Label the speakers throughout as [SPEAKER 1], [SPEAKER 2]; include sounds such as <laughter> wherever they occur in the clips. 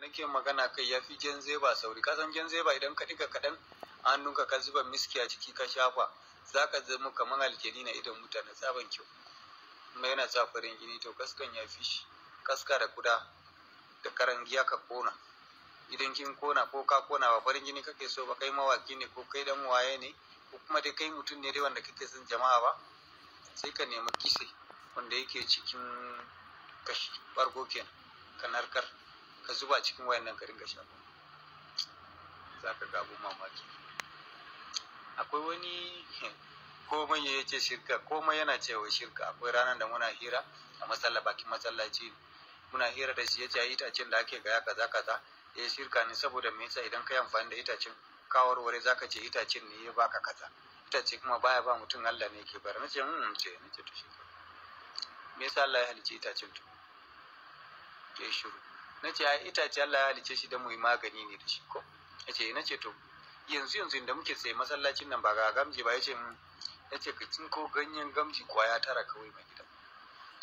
[SPEAKER 1] nake magana kai ya fi jan zeba sauri kasan jan zeba idan ka ɗiga kaɗan a hannunka ka zuba miski a ciki ka shafa za ka zama kamar alkeni na idon mutane tsaban kyau kuma yana sa farin jini to kaskan ya fi shi kaska da kuda da karangiya ka kona idan kin kona ko ka kona ba farin jini kake so ba kai mawaki ne ko kai dan waye ne ko kuma dai kai mutum ne dai wanda kake son jama'a ba sai ka nemi kise wanda yake cikin kashi bargo kenan ka narkar ka zuba cikin wayan nan ka ringa sha za ka gabo mamaki akwai wani <laughs> komai ya ce shirka komai yana cewa shirka akwai ranar da muna hira a matsala bakin matsalaci muna hira da shi ya ce a itacen da ake gaya kaza kaza ya eh, shirka ne saboda me yasa idan ka yi amfani da itacen kawarware za ka ce itacen ne ya baka kaza itace kuma baya ba mutum Allah ne ke bara nace mun ce nace hmm, to shi me yasa Allah ya halicci itacen to ya shiru na ce ai itace Allah ya halice shi don mu yi magani ne da shi ko ya ce eh, na ce to yanzu yanzu inda muke sai masallacin nan ba ga gamji ba ya ce ya mm. ce ka ko ganyen gamji kwaya tara kawai mai gida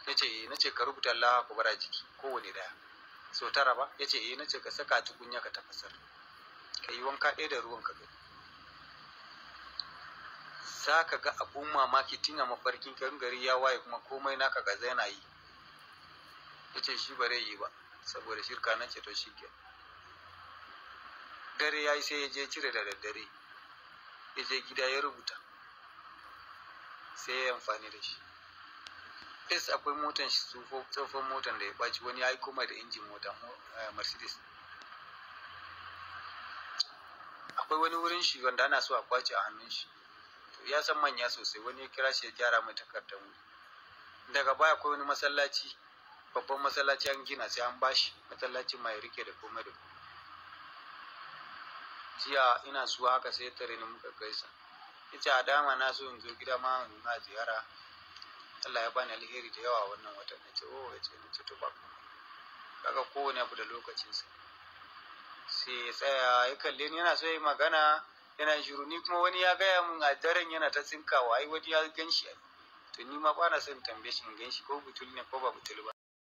[SPEAKER 1] ya ce eh, na ce ka rubuta Allah ku bara jiki kowane daya so tara ba ya ce eh, na ce ka saka tukunya ka tafasar ka yi wanka ɗaya da ruwan ka gani za ka ga abun mamaki tun a mafarkin kan gari ya waye kuma komai naka ga zai na yi ya ce shi ba zai yi ba saboda shirka na ce to shi ke dare ya yi sai ya je cire da daddare ya je gida ya rubuta sai ya yi amfani da shi es akwai motan tsofon motan da ya ɓaci wani ya yi koma da injin mota eh, mercedes akwai wani wurin shi wanda ana so a kwace a hannun shi to ya san manya sosai wani ya kira shi ya gyara mai takardar wuri daga baya akwai wani masallaci babban masallaci an gina sai an bashi masallaci mai rike da komai da jiya ina zuwa haka sai tare ni muka gaisa Ita a dama na so in zo gida ma na ziyara Allah ya bani alheri da yawa wannan watan nace oh yace nace to ba kaga kowane abu da lokacinsa sai ya tsaya ya kalle ni yana so yi magana yana shiru ni kuma wani ya gaya min a daren yana ta tsinkawa ai wani ya gan shi to ni ma ba son tambaye shi in gan ko butul ne ko ba butul ba